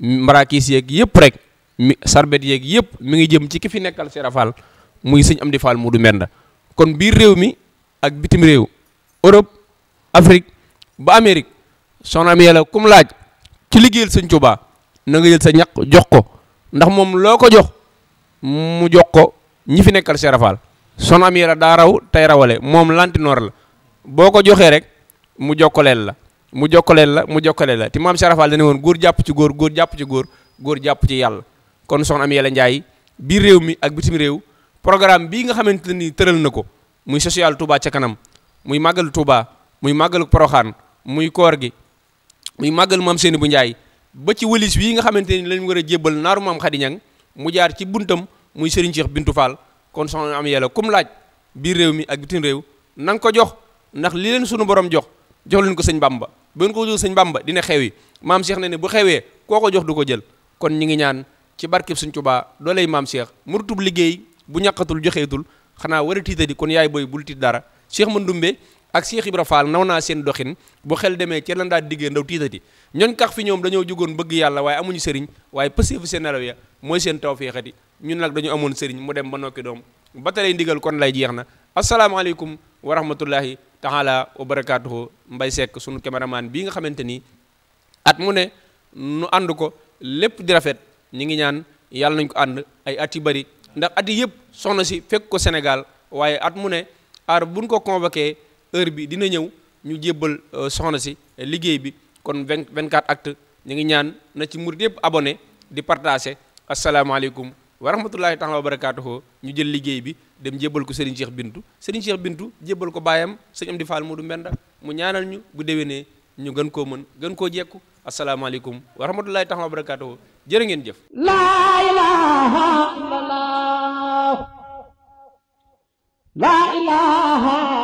B: maraakis yeeg yëpp rek mi sarbet yeeg yëpp mi ngi jëm ci ki fi nekkal serafal muy sëñ Amdi Fall Modou Mbenda kon biir réew mi ak bitim réew Europe Afrique ba Amérique soxna am yàlla kum laaj ci liggéeyal sëñ Tuubaa na nga jël sa ñaq jox ko ndax moom loo ko jox mu jox ko ñi fi nekkal serafal son am la daa raw tey rawale moom lantinoor la boo ko joxee rek mu jokkoleel la mu jokkaleel la mu jokkaleel la te maam serafal dane woon góor jàpp ci góor góor jàpp ci góor góor jàpp ci yàlla kon soxna Amy Yalla Ndiaye biir réew mi ak bitim réew programme bii nga xamante ne nii tëral na ko muy social Touba ca kanam muy màggal Touba muy màggalu Poroxaan muy koor gi muy màggal maam seeni bu Ndiaye ba ci wëlis wii nga xamante ni lañ war a jébbal naaru maam Khady mu jaar ci buntam muy Serigne Cheikh bintu Fall kon soxna am yàlla kum laaj biir réew mi ak bitim réew na nga ko jox ndax li leen sunu borom jox jox leen ko sëñ Bamba bu leen ko jox sëñ Bamba dina xew yi maam Cheikh na ne bu xewee koo ko jox du ko jël kon ñi ngi ñaan ci barkeb sëñ Tuubaa dooley maam Cheikh murtub liggéey bu ñàkkatul joxeetul xanaa war a tiitadi kon yaay booy bul tiit dara Cheikh Mandoumbe ak Cheikh Ibra Fall naw naa seen doxin bu xel demee ci lan daa diggee ndaw tiitati ñooñ kax fi ñoom dañoo jugoon bëgg yàlla waaye amuñu sëriñ waaye pëseefu seen nelaw ya mooy seen tawféexati ñu nag dañu amoon sëriñ mu dem ba nokki doom ba talay ndigal kon lay jeex na asalaamaaleykum wa rahmatullahi taala wa barakaatuhu Mbay Sekk sunu caméraman bii nga xamante ni at mu ne nu ànd ko lépp di rafet ñu ngi ñaan yàlla nañ ko ànd ay at yu bari ndax at yi yëpp soxna si fekk ko Sénégal waaye at mu ne aar buñ ko convoqué heure bi dina ñëw ñu jébbal euh, soxna si liggéey bi kon 20 24 actu ñu ngi ñaan na ci murid yëpp abone di partagé asalaamaaleykum wa rahmatullahi taala wa barakaatuhu ñu jël liggéey bi dem jébbal ko Serigne Cheikh Bintu Serigne Cheikh Bintu jébbal ko baayam sëñ Amdi Fall Modou Mbenda mu ñaanal ñu bu déwénee ñu gën koo mën gën koo jekku asalaamaaleykum wa rahmatullahi taala wa barakaatuhu jërë ngeen jëf
A: laa ilaha laa ilaha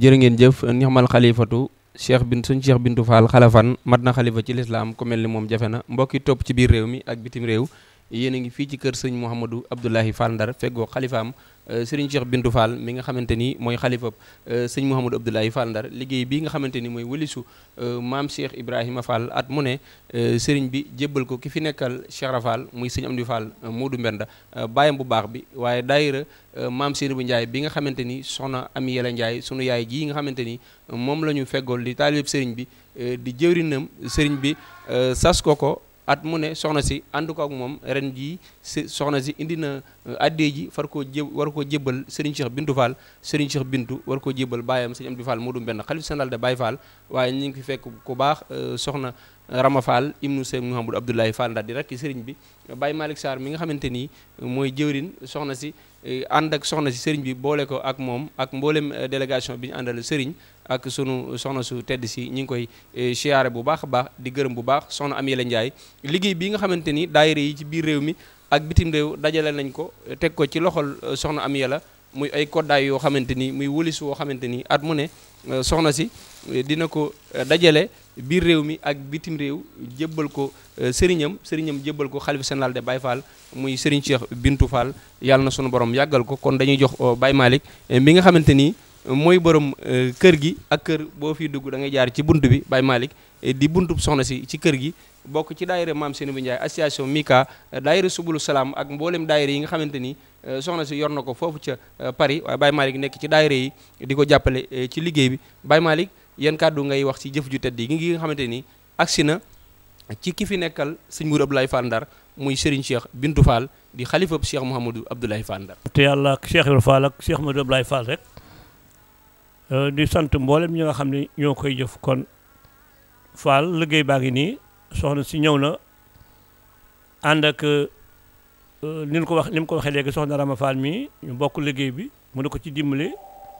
B: jërë ngeen jëf nixmal xalifatu cheikh bin suñ cheikh bintu faal xalafan mat na xalifa ci lislaam ku mel ni moom jafe na mbokki topp ci biir réew mi ak bitim réew yéen a ngi fii ci kër sëñ mouhamadou abdoulahi fall ndar feggoo xalifaam Euh, Serigne Cheikh Bintou Fall mi nga xamante ni mooy xalifa euh, sëñ Mouhamadou Abdoulaye Fall Ndar liggéey bi nga xamante ni mooy wëlisu euh, maam Cheikh Ibrahima Fall at mu ne Serigne bi jébbal ko ki fi nekkal Cheikh Rafal muy sëñ Amdi Fall Modou Mbenda bàyyam bu baax bi waaye daayira maam Seeni bu Ndiaye bi nga xamante ni soxna am Yela Ndiaye sunu yaay ji nga xamante ni moom la ñu feggool di taalib Serigne bi di jëwrinam sëriñ bi sas ko ko at mu ne soxna si ànd ko ak moom ren jii si soxna si indi na euh, addee ji far koo jé war koo jébbal Serigne Cheikh Bintou Fall Serigne Cheikh Bintou war koo jébbal baayam Serigne Amdi Fall moo dum benn xalif général de Baye Fall waaye ñu ngi fi fekk ku baax euh, soxna Rama Fall ibnu Sey Mouhamadou Abdoulaye Fall ndax di rakki Serigne bi Baye Malick Sarr mi nga xamante nii euh, mooy jëwrin soxna si ànd ak soxna si Serigne bi boole ko ak moom ak mboolem délégation bi ñu àndal Serigne ak sunu soxna su tedd si ñu ngi koy eh, siyaare bu baax a baax di gërëm bu baax soxna Amy Yalla Ndiaye liggéey bii nga xamante ni daayira yi ci biir réew mi ak bitim réew dajale nañ ko eh, teg ko ci loxol eh, soxna Amy Yalla muy ay koddaay yoo xamante ni muy wëlis woo xamante ni at mu ne soxna si dina ko dajale biir réew mi ak bitim réew jébbal ko sëriñam sëriñam jébbal ko xalifa général de muy sëriñ Cheikh Bintou Fall yàlla na sunu borom yàggal ko kon dañuy jox Baye Malick mi nga xamante ni. mooy borom euh, kër gi ak kër boo fiy dugg da ngay jaar ci bunt bi Baye Malick di buntu soxna si ci kër gi bokk ci daayira maam Seynabou Ndiaye association Mika euh, daayira subulu salaam ak mboolem daayira yi nga xamante ni euh, soxna si yor na ko foofu ca Paris waaye Baye Malick nekk ci daayira yi di ko jàppale ci liggéey bi Baye Malick yan kàddu ngay wax ci jëf ju tedd gi ngi nga xamante ni agsi na ci ki fi nekkal sëñ Mourou Abdoulaye Fall Ndar muy Serigne Cheikh Bintou Fall di xalifab Cheikh Mouhamadou Abdoulaye Fall Ndar
C: te yàlla ak Cheikh Ibrahima Fall rek Euh, di sant mbooleem ñi nga xam ne ñoo koy jëf kon Fall liggéey baa ngi nii soxna si ñëw na ànd ak euh, ni ñu ko wax ni mu ko waxee léegi soxna Rama Fall mii ñu bokk liggéey bi mu ne ko ci dimbali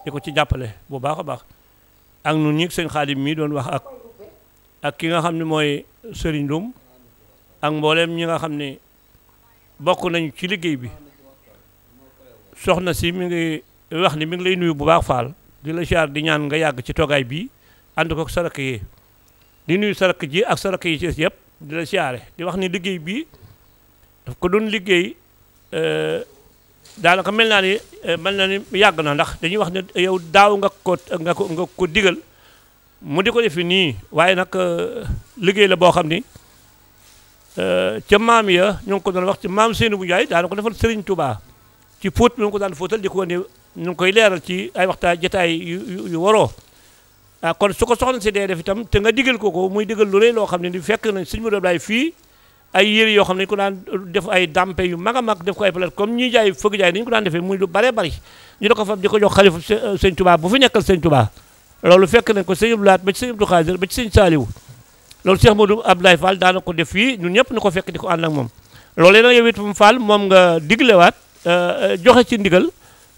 C: di ko ci jàppale bu baax a baax ak nun ñi sëñ Xaadim mii doon wax ak ak ki nga xam ne mooy sëriñ Loum ak mbooleem ñi nga xam ne bokk nañu ci liggéey bi soxna si mi ngi wax ni mi ngi lay nuyu bu baax Fall di la jaar di ñaan nga yàgg ci toogaay bii ànd ko sarak yi di nuyu sarak ji ak sarak yi ci yëpp di la siyaare di wax ni liggéey bii daf ko doon liggéey euh, daanaka mel naa ni euh, mel na ni yàgg na ndax dañuy wax yow daaw nga ko nga ko nga ko di ko defi nii waaye nag euh, liggéey la boo xam ni ca maam ya ñu ngi ko doon wax ci maam Seeni bu Njaay daana ko defal Sëriñ Tuubaa ci fóot mi ngi ko di ko wane ñu ngi koy leeral ci ay waxtaan jotaay yu waroo ah, kon su ko soxna si dee def itam te nga digal ko ko muy digal lu loo xam ne ni fekk nañ suñu mënoo daay fii ay yére yoo xam ne ko daan def ay dampe yu mag a mag def ko ay comme ñuy jaay fëgg jaay ni ñu ko daan defee muy lu bare bari ñu da ko fab di ko jox xalifu euh, sëñ Tuubaa bu fi nekkal sëñ Tuubaa nañ ko sëñ Abdou Lahat ba ci sëñ Abdou Xaadir ba ci sëñ Saaliw loolu Cheikh Modou Abdoulaye Fall daana ko def fii ñun ñëpp ñu ko fekk di ko ànd ak moom loolu nag yow it Fall moom nga diglewaat euh, euh, joxe ci ndigal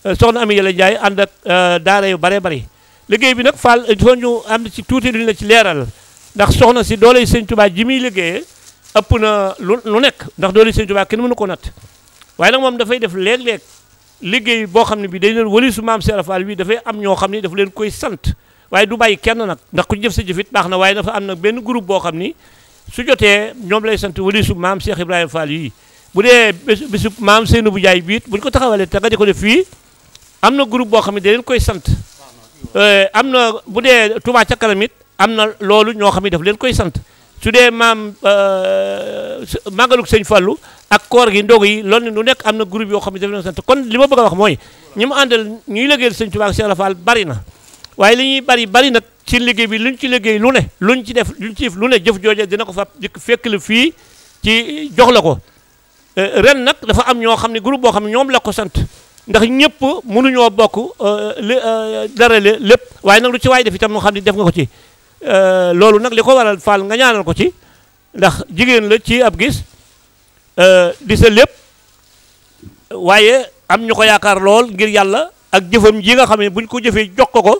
C: Euh, soxna Amy Yalla Ndiaye ànd ak euh, daara yu bare bari liggéey bi nag Fall soo ñu am ci tuuti lu la ci leeral ndax soxna si doole sëñ Tuubaa ji muy liggéeyee ëpp na lu lu nekk ndax doole sëñ Tuubaa kenn mënu ko nat waaye nag moom dafay def léeg-léeg liggéey boo xam ne bi day leen wali su maam Serap Fall bi dafay am ñoo xam ne daf leen koy sant waaye du bàyyi kenn nag ndax ku jëf sa jëfit baax na waaye dafa am nag benn group boo xam ni su jotee ñoom lay sant wali su maam Cheikh Ibrahima Fall yii bu dee bés bésu maam bu jaay biit buñ ko taxawalee te nga ko def fii am na groupe boo xam ne da leen koy sant euh, am na bu dee Touba ca kanam am na loolu ñoo xam ne daf leen koy sant su dee maam euh, màggaluk sëñ Fallou ak koor gi ndog yi loolu lu nekk am na groupe yoo xam ne daf leen sant kon li ma bëgg wax mooy ñi mu àndal ñuy liggéeyal sëñ Touba ak bari na waaye li bari bari nag ci liggéey bi luñ ci liggéey lu ne luñ ci def luñ ci def lu ne jëf jooje dina ko fa fekk la fii ci jox la ko euh, ren nag dafa am ñoo xam ne groupe boo xam ne ñoom la ko sant ndax ñëpp mënuñoo bokk euh, li euh, dara lépp waaye nag lu ci waay def tam mu xam ne def nga ko ci euh, loolu nag li ko waral faal nga ñaanal ko ci ndax jigéen la ci ab gis di sa lépp waaye am ñu ko yaakaar lool ngir yàlla ak jëfam ji nga xam ne buñ ko jëfee jox ko ko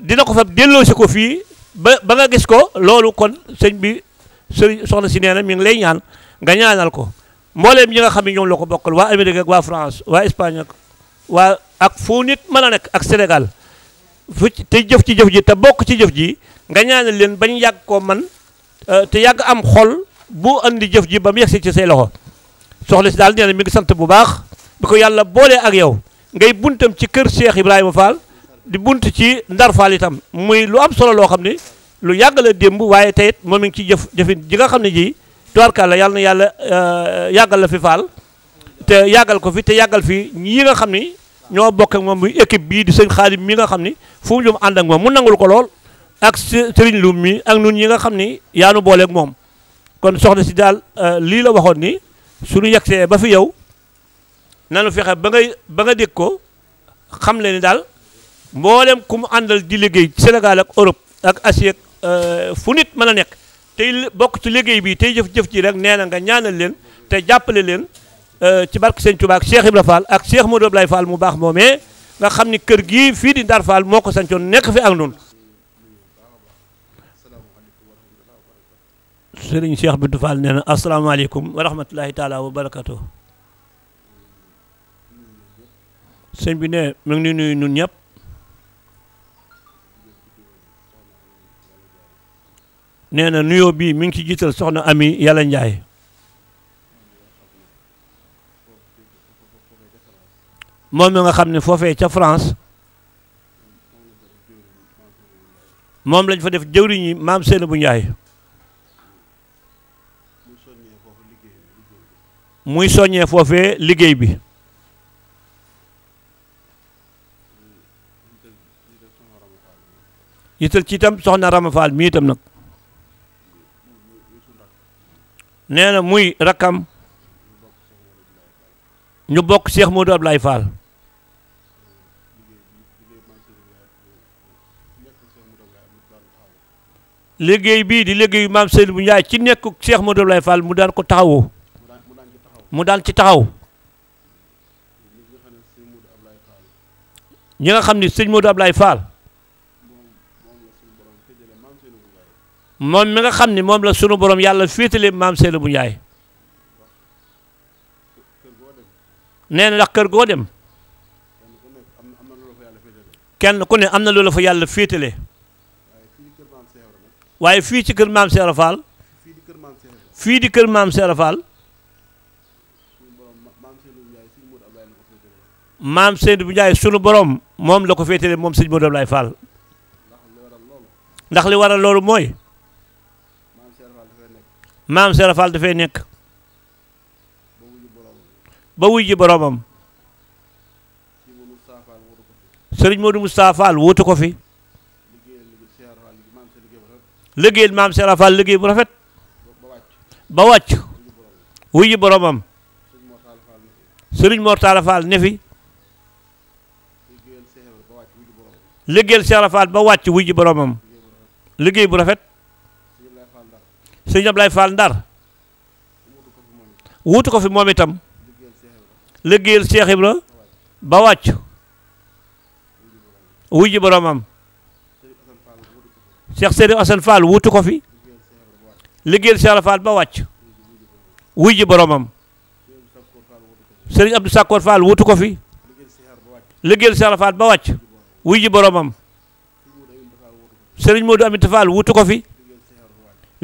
C: dina ko fa delloosi ko fii ba ba nga gis ko loolu kon sëñ bi sëriñ soxna si nee na mi ngi lay ñaan nga ñaanal ko mbooleem ñi nga xam ne ñoom la ko bokkal waa Amérique waa France waa Espagne ak waa ak fu nit mën a nekk ak Sénégal fu te jëf ci jëf ji te bokk ci jëf ji nga ñaanal leen bañ yàgg koo man euh, te yàgg am xol bu andi jëf ji ba mu yegsi ci say loxo soxla si daal nee na mi ngi sant bu baax bi ko yàlla boolee ak yow ngay buntam ci kër Cheikh Ibrahima Fall di bunt ci Ndar Fall itam muy lu am solo loo xam ne lu yàgg la démb waaye tey it moom mi ngi ci jëf jëfin ji nga xam ne ji tubaarkàlla yàlla na yàlla euh, yàggal la fi faal te yàggal ko fi te yàggal fi ñi nga xam ni ñoo bokk moom muy équipe bii di sëñ Xaadim mi nga xam ni fu mu jëm ànd ak moom mu nangul ko lool ak Serigne Loum mii ak nun ñi nga xam ni yaanu booleeg moom kon soxla si daal euh, lii la waxoon ni suñu yegsee ba fi yow nanu fexe ba ngay ba nga dég ko xam le ni daal mboolem ku mu àndal di liggéey Sénégal ak Europe ak Asie euh, fu nit mën a nekk tey bokk ci liggéey bi tey jëf-jëf ji rek nee na nga ñaanal leen te jàppale leen euh, ci barke Sëñ Tuubaa ak Cheikh Ibra Fall ak Cheikh Modou Ablaye Fall mu baax moomee nga xam ni kër gii fii di Ndar Fall moo ko sancoon nekk fi ak noonu Sëriñ Cheikh Bintou Fall nee na asalaamaaleykum wa rahmatulahi taala bi ne mu ngi nuyu ñun ñëpp neena na nuyoo bii mi ngi ci jiital soxna ami yàlla njaay moom mi nga xam ne foofee ca France moom lañ fa def jëwriñi maam seen bu njaay muy soññee foofee liggéey bi yital ci itam soxna Rama Fall nag nee na muy rakkam ñu bokk Cheikh Modou Ablaye Fall liggéey bii di liggéeyu maam Seydou bu Ndiaye ci nekk Cheikh Modou lay Fall mu daan ko taxawoo mu daan ci taxaw ñi nga xam ne sëñ Modou Ablaye Fall moom mi nga xam ni moom la sunu borom yàlla féetale maam Seydou bu Njaay nee na kër goo dem kenn ku ne am na loolu yàlla féetale waaye fii ci kër maam Seydou Fall fii di kër maam bu Njaay sunu borom moom la ko féetale moom sëñ Modou Ablaye ndax li waral loolu mooy. maam Serap Fall dafay nekk ba wuy ji boromam sëriñ Modou Moustapha Fall ko fi liggéeyal maam Serap Fall liggéey bu rafet ba wàcc wuy ji boromam sëriñ Mortala Fall ne fi liggéeyal Serap Fall ba wàcc wuy ji liggéey bu rafet. sëñ Ablaye Fall Ndar wuutu ko fi moom itam liggéeyal Cheikh Ibra ba wàcc wuy ji boromam Cheikh Serigne Assane Fall wuutu ko fi liggéeyal Cheikh Ibra Fall ba wàcc wuy wuutu ko fi liggéeyal Cheikh Ibra ba wàcc wuy ji Amit Fall wuutu ko fi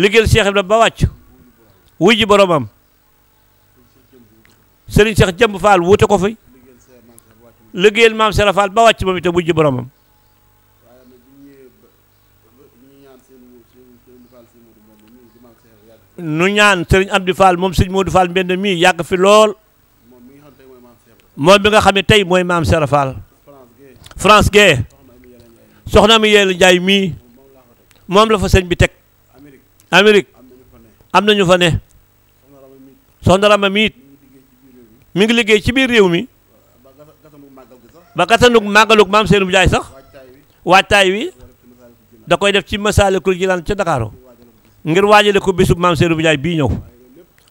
C: liggéeyal Cheikh Ibrahima ba wàcc wuy ji boromam Serigne Cheikh Jëmb Fall wuute ko fi liggéeyal maam Serap Fall ba wàcc moom itam wuy ji boromam nu ñaan Serigne Amdi Fall moom Serigne Modou Fall mbenn mii yàgg fi lool moom bi nga xam ne tey mooy maam Serap Fall France Gueye soxna mi Yelé Njaay mii moom la fa sëñ bi teg Amérique am nañu fa ne soxna Rama miit mi ngi liggéey ci biir réew mi ba gatanug màggalug maam bu Jaay sax waajtaay wi da koy def ci Masaalikul Jinaan ca Ndakaaru ngir waajale ko bésub maam bu Jaay bii ñëw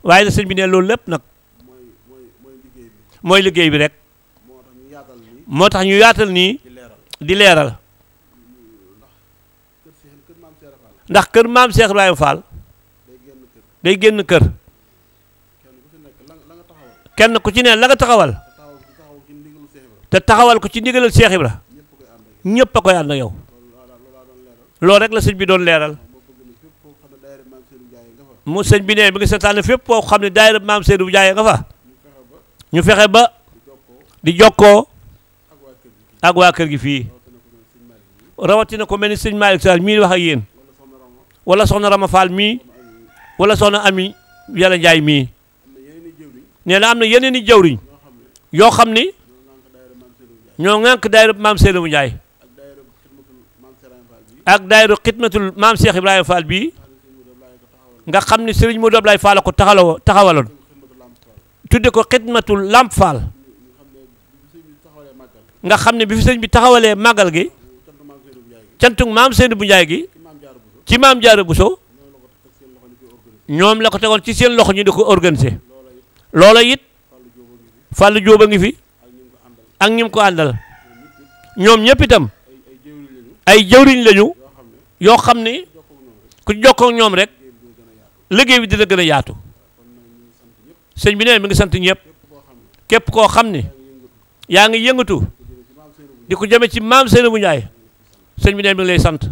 C: waaye na sëñ bi ne loolu lépp nag mooy liggéey bi rek moo tax ñu yaatal nii di leeral ndax kër maam Cheikh Ibrahima Fall day génn kër kenn ku ci ne la nga taxawal te taxawal ko ci ndigalal Cheikh Ibra ñëpp a koy ànd ak yow loolu rek la sëñ bi doon leeral mu sëñ bi ne mi ngi seetaan fépp koo xam ne daayira maam Seydou Jaaye nga fa ñu fexe ba di jokkoo ak waa kër gi fii rawatina ko mel ni sëñ Malick Sall mii wax ak yéen wala soxna Rama Fall mii wala soxna Ami Yàlla Njaay mii nee am na yeneen i jawriñ yoo xam ni ñoo ŋànk daayira maam Seynabou Njaay ak daayira xidmatul maam Cheikh Ibrahima Fall bii nga xam ni Serigne Modou Ablaye Fall ko taxawaloo taxawaloon tudde ko xidmatul Lamp Fall nga xam ne bi fi sëñ bi taxawalee màggal gi cantuk maam Seynabou Njaay gi ci maam bu Buso ñoom la ko ci seen loxo ñu di ko organiser loola it Fàllu Jóob a ngi fi ak ñim ko àndal ñoom ñëpp itam ay jëwriñ lañu yoo xam ni ku jokkoo ñoom rek liggéey bi dina gën a yaatu sëñ bi nee mi ngi sant ñëpp képp koo xam ni yaa ngi yëngatu di ko jëme ci maam Seynabou Ndiaye sëñ bi nee mi ngi lay sant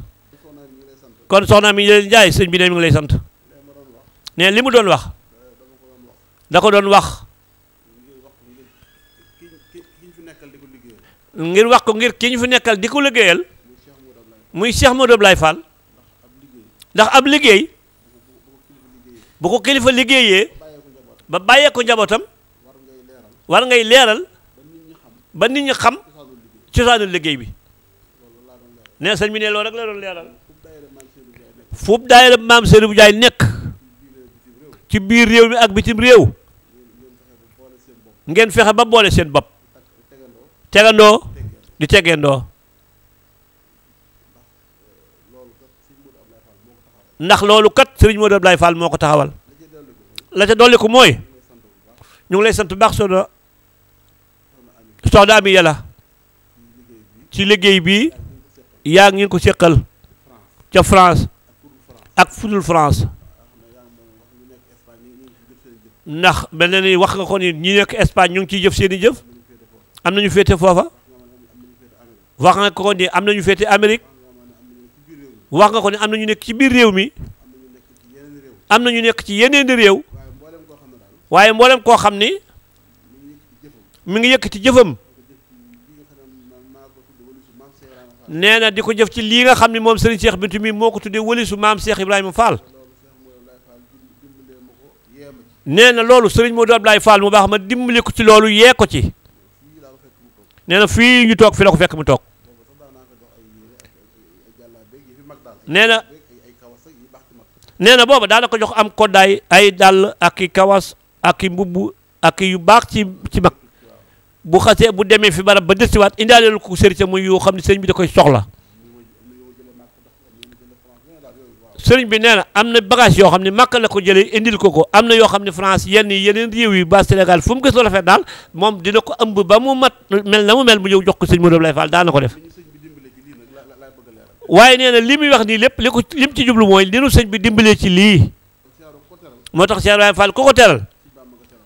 C: kon soxna mi leen jaay sëñ bi ne mi ngi lay sant ne li mu doon wax da ko doon wax ngir wax ko ngir ki ñu fi nekkal di ko liggéeyal muy Cheikh Modou lay Fall ndax ab liggéey bu ko kilifa liggéeyee ba bàyyee ko njabootam war ngay leeral ba nit ñi xam cosaanu liggéey bi ne sëñ bi ne loolu rek la doon leeral foofu daayira maam Seydou Ndiaye nekk ci biir réew mi ak bitim réew ngeen fexe ba boole seen bopp tegandoo di tegendoo ndax loolu kat Serigne Modou Abdoulaye Fall moo ko taxawal la ca dolli ko mooy ñu ngi lay sant baax soxna soxna ami yàlla ci liggéey bi yaa ngi ko seqal ca France ak fudul France ndax mel na ni wax nga ko ni ñi nekk Espagne ñu ngi ciy jëf seen i jëf am nañu féete foofa wax nga ko ni am nañu féete Amérique wax nga ko ni am nañu nekk ci biir réew mi am na ñu nekk ci yeneen i réew waaye mboolem koo xam ni mu ngi yëkk ci jëfam nee na di ko jëf ci lii nga xam ne moom Serigne Cheikh Bintou mi moo ko tuddee wëlisu maam Cheikh Ibrahima Fall nee na loolu Serigne Modou Abdoulaye Fall mu baax ma dimbali ko ci loolu yee ko ci na fii ñu toog fi la ko fekk mu toog nee na nee na booba daana ko jox am koddaay ay dàll ak i kawas ak i mbubb yu baax ci ci mag bu xasee bu demee fi barab ba dësiwaat indaaleel ko sëriñ muy yoo xam ne sëriñ bi da koy soxla sëriñ bi nee na am na bagage yoo xam ne màkk la ko jëlee indil ko ko am na yoo xam ne France yenn yeneen réew yi ba Sénégal fu mu gis lu rafet daal moom dina ko ëmb ba mu mat mel na mu mel mu ñëw jox ko sëriñ Modou Abdoulaye Fall daan na ko def waaye nee na li muy wax nii lépp li ko li mu ci jublu mooy li nu sëñ bi dimbalee ci lii moo tax Cheikh Ibrahima Fall ku ko teral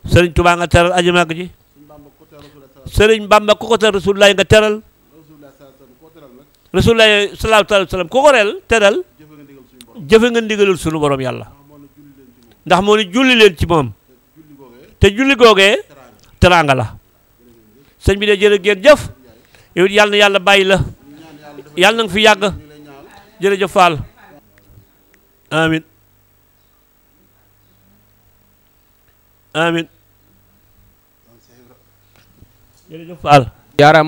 C: sëriñ Touba nga ji sëriñ Bamba ku ko teral rasulullaay nga teral rasulullaay sallallahu alayhi wa sallam ku teral jëfe nga ndigalul sunu borom yàlla ndax moo ni julli leen ci moom te julli googee teraanga la sëñ bi de jërë ngeen jëf yow yàlla na yàlla bàyyi la na nga fi yàgg jërëjëf Fall amin amin jërëjëf Fall.
B: jaara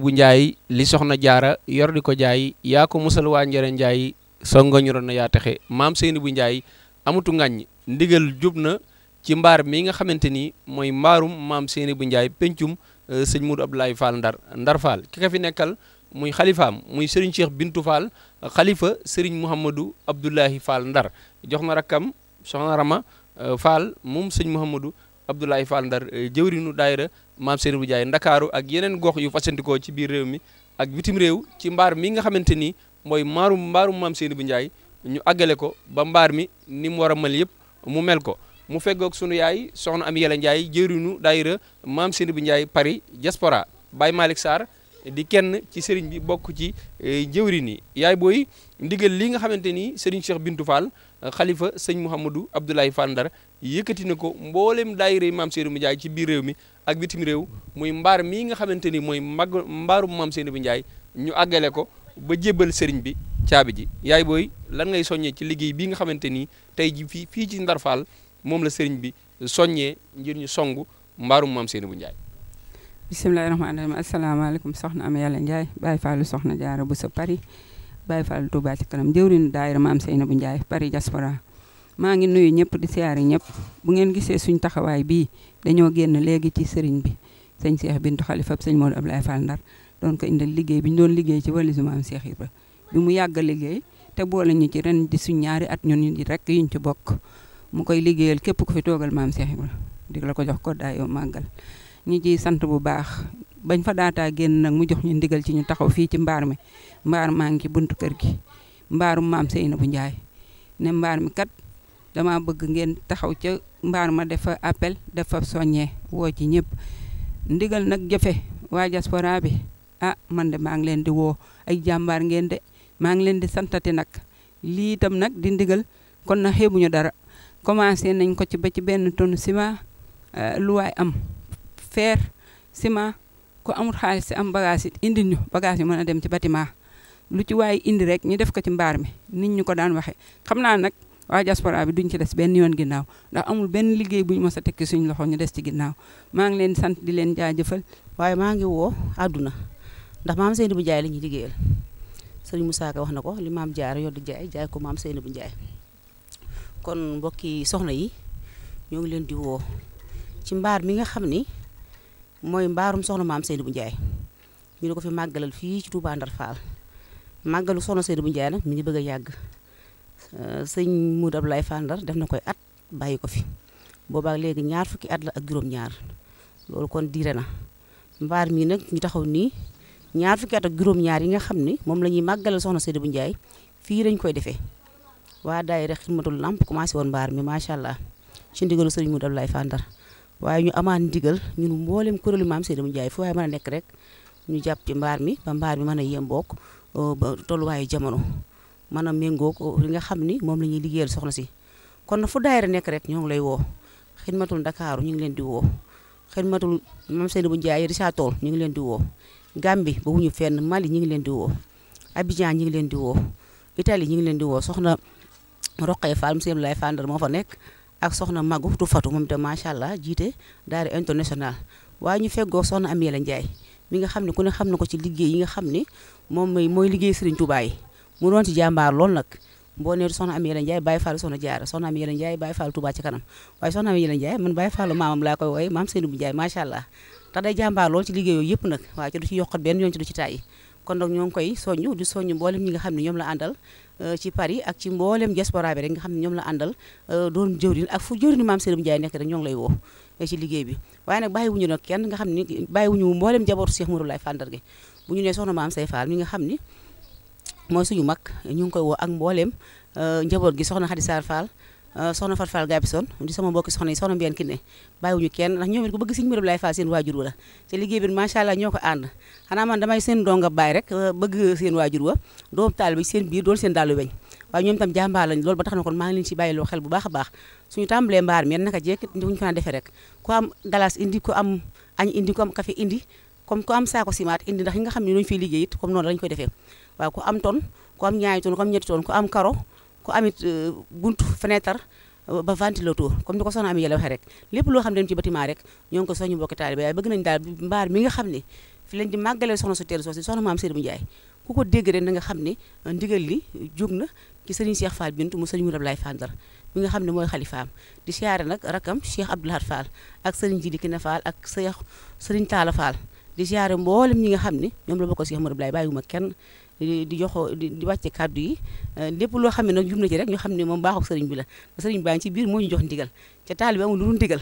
B: bu njaay li soxna jaara yordi ko jaay yaa ko musal waa njëre njaay songo ñu na yaa texe maam sëy bu njaay amatu ngañ ndigal jub na ci mbaar mii nga xamante ni mooy mbaarum maam seeni bu njaay pencum euh, sëñ Modou Abdoulaye Fall ndar ndar Fall ki fi nekkal muy xalifaam muy Serigne Cheikh Bintu Fall xalifa Serigne Mouhamadou Abdoulaye Fall ndar jox na rakkam soxna Rama euh, Fall moom sëñ Mouhamadou Abdoulaye Fall Ndar eh, jëwrinu daayira maam Seeni bu Jaay Ndakaaru ak yeneen gox yu fasantikoo ci biir réew mi ak bitim réew ci mbaar mi nga xamante ni mooy maarum mbaarum maam bu Njaay ñu àggale ko ba mbaar mi ni mu war a mel yëpp mu mel ko mu feggoog sunu yaay soxna am Yàlla Njaay jëwrinu daayira maam Seeni bu Njaay Paris diaspora Baye Malick Sarr di kenn ci sëriñ bi bokk ci eh, jëwrin yaay booy ndigal li nga xamante ni sëriñ Cheikh Bintou Fall eh, xalifa sëñ Mouhamadou Abdoulaye Fall Ndar yëkkati na ko mboolem daayira yi maam Seydou Ndiaye ci biir réew mi ak bitim réew muy mbaar mii nga xamante ni mooy mag mbaaru maam bu Ndiaye ñu àggale ko ba jébbal sëriñ bi caabi ji yaay booy lan ngay soññee ci liggéey bii nga xamante ni tey ji fii fii ci Ndar Fall moom la sëriñ bi soññee ngir ñu song mbaarum maam Seydou Ndiaye.
D: bisimilah rahmaani rahiim asalaamaaleykum soxna am yàlla Ndiaye Baye Fallou soxna jaara bu sa Paris Baye Fallou Touba ci kanam jëwriñ daayira maam Seydou Ndiaye Paris diaspora maa ngi nuyu ñëpp di siyaari ñëpp bu ngeen gisee suñ taxawaay bii dañoo génn léegi ci sëriñ bi sëñ Cheikh Bintou Khalifa sëñ Modou Abdoulaye Fall Ndar doon ko indal liggéey bi ñu doon liggéey ci walisu maam Cheikh Ibra bi mu yàgg liggéey te boole ñu ci ren di suñ ñaari at ñun ñu rek yuñ ci bokk mu koy liggéeyal képp ku fi toogal maam Cheikh Ibra di la ko jox ko daayoo màggal ñu ciy sant bu baax bañ fa daataa génn nag mu jox ñu ndigal ci ñu taxaw fii ci mbaar mi mbaar maa ngi ci buntu kër gi mbaaru maam Seyna bu Njaay ne mbaar mi kat dama bëgg ngeen taxaw ca mbaar ma defa appel dafa soññee woo ci ñëpp ndigal nag jafe waa diaspora bi ah man de maa ngi leen di woo ay jàmbaar ngeen de maa ngi leen di santati nag lii itam nag di ndigal kon na xeebuñu dara commencé nañ ko ci ba ci benn ton ciment euh, lu waay am fer ciment ko amul xaalis si am bagage yi indi ñu bagage yi mën a dem ci bâtiment lu ci waay indi rek ñu def ko ci mbaar mi nit ñu ko daan waxe xam naa nag waa diaspora bi duñ ci des benn yoon ginnaaw ndax amul benn liggéey buñ mos a tekki suñ loxo ñu des ci ginnaaw maa ngi leen sant di leen jaajëfal waaye maa ngi woo
E: àdduna ndax maam Seynabou bu la ñuy liggéeyal sëriñ Moussa Ka wax na ko li maam jaar yor di jaay jaay ko maam Seynabou Ndiaye kon mbokki soxna yi ñoo ngi leen di woo ci mbaar mi nga xam ni mooy mbaarum soxna maam bu Ndiaye ñu ne ko fi màggalal fii ci Touba Ndar Fall màggalu soxna Seynabou Ndiaye nag mi ngi bëgg a yàgg Euh, sëñ Moudou Abdoulaye Fandar def na koy at bàyyi ko fi boobaak léegi ñaar fukki at la ak juróom-ñaar loolu kon diire na mbaar mii nag ñu taxaw nii ñaar fukki at ak juróom-ñaar yi nga xam ne moom la ñuy màggalal soxna Seydou Ndiaye fii dañ koy defee waa daayira Xidmatul Lamp commencé woon mbaar mi macha allah ci ndigalu sëñ Moudou Abdoulaye Fandar waaye ñu amaan ndigal ñun mboolem kuréelu maam Seydou Ndiaye fu waaye mën a nekk rek ñu jàpp ci mbaar mi ba mbaar mi mën a yemboog uh, tolluwaayu jamono mën a méngoo ko li nga xam ni moom la ñuy liggéeyal soxna si kon na fu daayira nekk rek ñoo ngi lay woo xidmatul ndakaaru ñu ngi leen di woo xidmatul mam seen bu njaay Richard Toll ñu ngi leen di woo Gambie ba wuñu fenn Mali ñu ngi leen di woo Abidjan ñu ngi leen di woo Italie ñu ngi leen di woo soxna Roqee Fall monsieur Abdoulaye Fandar moo fa nekk ak soxna Magu du Fatu moom itam macha allah jiite daayira international waaye ñu feggoo soxna Amiela Ndiaye mi nga xam ne ku ne xam na ko ci liggéey yi nga xam ne moom mooy liggéey Serigne Touba yi mu doon ci jàmbaar lool nag boo nee soxna Amy Yelène Ndiaye Baye Fall soxna Jaara soxna Amy Yelène Ndiaye Baye ci kanam waaye soxna Amy Yelène Ndiaye man Baye Fallu ci liggéey yooyu yëpp nag waaw ci du ci yokkat benn yoon ci du ñoom la àndal ci Paris ak ci nga xam ne ñoom la àndal euh, euh, doon jëwrin ak fu jëwrin maam Seydou Ndiaye nekk rek ñoo ngi lay woo eh, waaye nag kenn nga xam ne bàyyiwuñu mboolem jabootu Cheikh Mourou Laye Fandar gi bu ñu nee soxna maam Say Fall mi nga xam ni mooy suñu mag ñu ngi koy woo ak mbooleem euh, njaboot gi soxna Khady Sarr Fall euh, soxna Fat Fall Gabison di sama mbokki soxna yi soxna Mbène Kiné bàyyiwuñu kenn ndax ñoom it ku bëgg Serigne la te liggéey bi macha allah ñoo ko ànd xanaa man damay seen donga baay rek euh, bëgg seen waajur wa doom taal bi seen biir doon seen daalu weñ waaye a baax suñu tàmbalee mbaar mi naka am galas indi ku am añ indi ku am café indi comme ku am saako simaat indi ndax ñi nga xam ne ñooñu fiy liggéey it comme noonu lañ koy defee waaye ku am ton ku am ñaari ton ku am ñetti ton ku am karo ku amit euh, buntu fenêtre euh, ba ventilateur comme ni ko soxna Amy Yàlla waxee rek lépp loo xam ne dem ci bâtiment rek ñoo ngi ko soññu mbokki taalibe yaay bëgg nañ daal mbaar mi nga xam ne fi lañ di màggalee soxna su teel soosi soxna maam Seydou Ndiaye ku ko dégg rek nga xam ne euh, ndigal li jóg na ci sëriñ Cheikh Fall Bintu mu sëriñ nga xam ne mooy xalifaam di siyaare la bokk Cheikh Mourab Laye di joxo di wàcce kàddu yi euh, lépp loo xam ne nag jum na ci rek ñu xam ne moom baaxu sëriñ bi la sëriñ baa ngi ci biir mooy ñu jox ndigal ca taalibe amul lu dul ndigal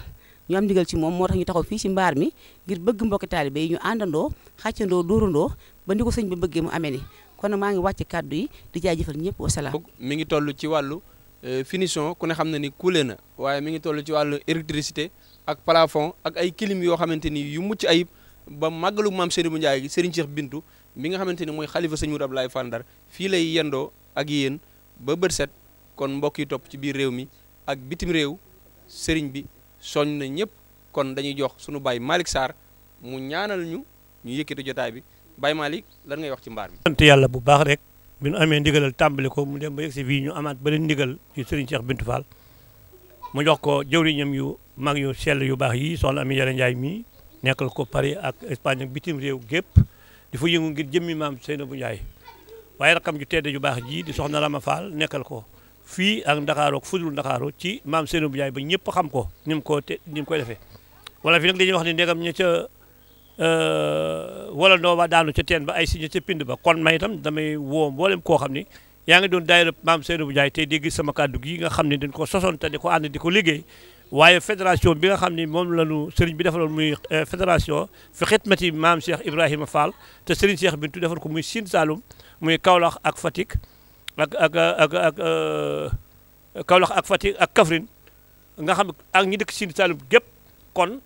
E: ñu am ndigal ci moom moo tax ñu taxaw fii ci mbaar mi ngir bëgg mbokki taalibe yi ñu àndandoo xàccandoo dóorandoo ba ni ko sëñ bi bëggee mu amee ni kon maa ngi wàcce kàddu yi di jaajëfal ñëpp wasalaam
B: mi ngi toll ci wàllu euh, finition ku ne xam na ni kuule na waaye mi ngi toll ci wàllu électricité ak plafond ak ay clim yoo xamante ni yu mucc ayib ba màggalu maam Serigne Ndiaye gi Serigne Cheikh mi nga xamante ni mooy xalifa sëñ Mourou Abdoulaye Fall Ndar fii lay yendoo ak yéen ba bët set kon mbokk yi topp ci biir réew mi ak bitim réew sëriñ bi soññ na ñëpp kon dañuy jox suñu Baye Malick Sarr mu ñaanal ñu ñu yëkkati jotaay bi Baye Malick lan ngay wax ci mbaar mi.
C: sant yàlla bu baax rek bi nu amee ndigalal tàmbali ko mu dem ba yegsi fii ñu amaat ba leen ndigal ci sëriñ Cheikh Bintou Fall mu jox ko jëwriñam yu mag yu sell yu baax yi soxna Amy Yara Ndiaye mii nekkal ko Paris ak Espagne ak bitim réew gépp di fu yëngu ngir jëmmi maam Seynabou Ndiaye waaye rakam ju tedd ju baax ji di soxna ma Fall nekkal ko fii ak Ndakaaru ak fudul Ndakaaru ci maam Seynabou Ndiaye ba ñëpp xam ko ni mu ko ni mu koy defee wala fi nag dañuy wax ne ndegam ña ca uh, wala ndoo ba daanu ca teen ba ay si ña ca pind ba kon may itam damay woo mboolem koo xam ni yaa ngi doon daayira maam Seynabou Ndiaye tey dégg sama kàddu gi nga xam ne dañ ko sosoon te di ko ànd di ko liggéey waaye fédération bi nga xam ni moom la ñu sëriñ bi defaloon muy euh, fédération fi xitmati maam Cheikh Ibrahima Fall te sëriñ Cheikh Bintu defal ko muy Sine Saloum muy Kaolack ak Fatick ak ak ak ak euh, Kaolack ak Fatick ak Kaffrine nga xam ak ñi dëkk Sine gépp kon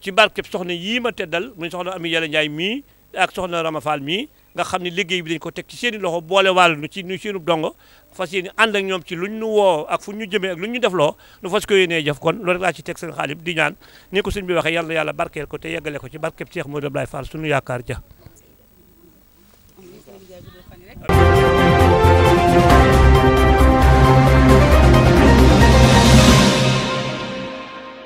C: ci barkeb soxna yii ma teddal muy soxna Ami Yàlla Njaay mii ak soxna Rama Fall mii nga xam ne liggéey bi dañ ko teg ci seen i loxo boole wàll nu ci nu seenu dongo fas yéene ànd ak nu woo ak fu ñu jëmee ak luñ ñu def loo nu fas ko yéenee jëf kon loolu rek laa ci teg seen xaalib di ñaan ni ko sëñ bi waxee yàlla yàlla barkeel ko te yeggale ko ci barkeb Cheikh Modou Abdoulaye Fall suñu yaakaar ja